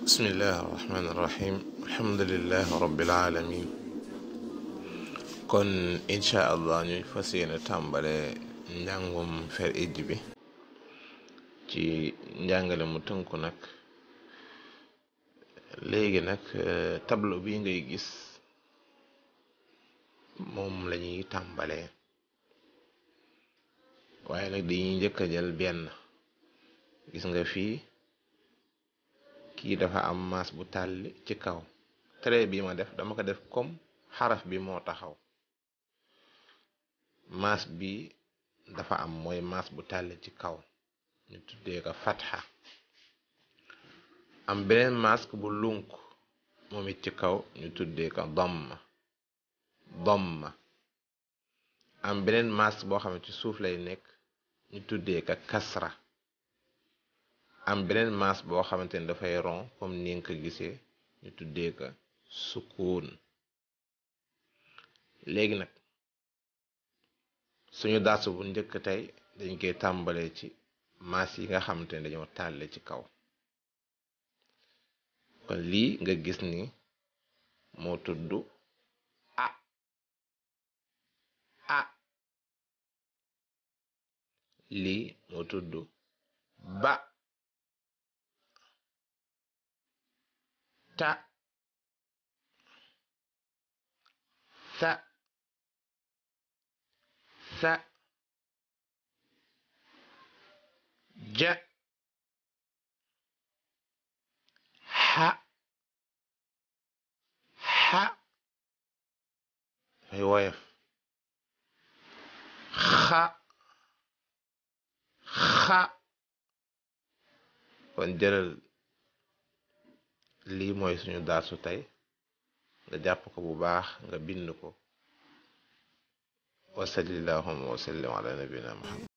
bismillahi irrahmani irrahim alhamdulilahi rabbil alamin kon incha allah ñu fas yéene tàmbale njàngum fer ij bi ci njàngale mu tënku nag léegi nag euh, tableau bi ngay gis moom lañuy tàmbale waaye nag dañuy njëkk a benn gis nga fii kii dafa am mas bu tàlli ci kaw trait bi ma def dama ko def kom xaraf bi moo taxaw mas bi dafa am mooy mas bu tàlli ci kaw ñu tuddee ko fatxa am beneen mas bu lunk moom it ci kaw ñu tuddee ko damma damma am beneen masque boo xam ci suuf lay nekk ñu tuddee ko kasra am beneen masse boo xamante ni dafay ron comme ni nga ko gisee ñu tuddee ko sukkoon nag suñu daas bu njëkk tey dañ koy tàmbalee ci masse yi nga xamante ne dañoo tàlle ci kaw kon lii nga gis ni moo tudd a a lii moo tudd ba ta sa sa ja ha ha ay woyof xa xa kon jëlal lii mooy suñu daarsu tey nga jàpp ko bu baax nga bind ko wasallillahuma wasallim ala nabina muhammad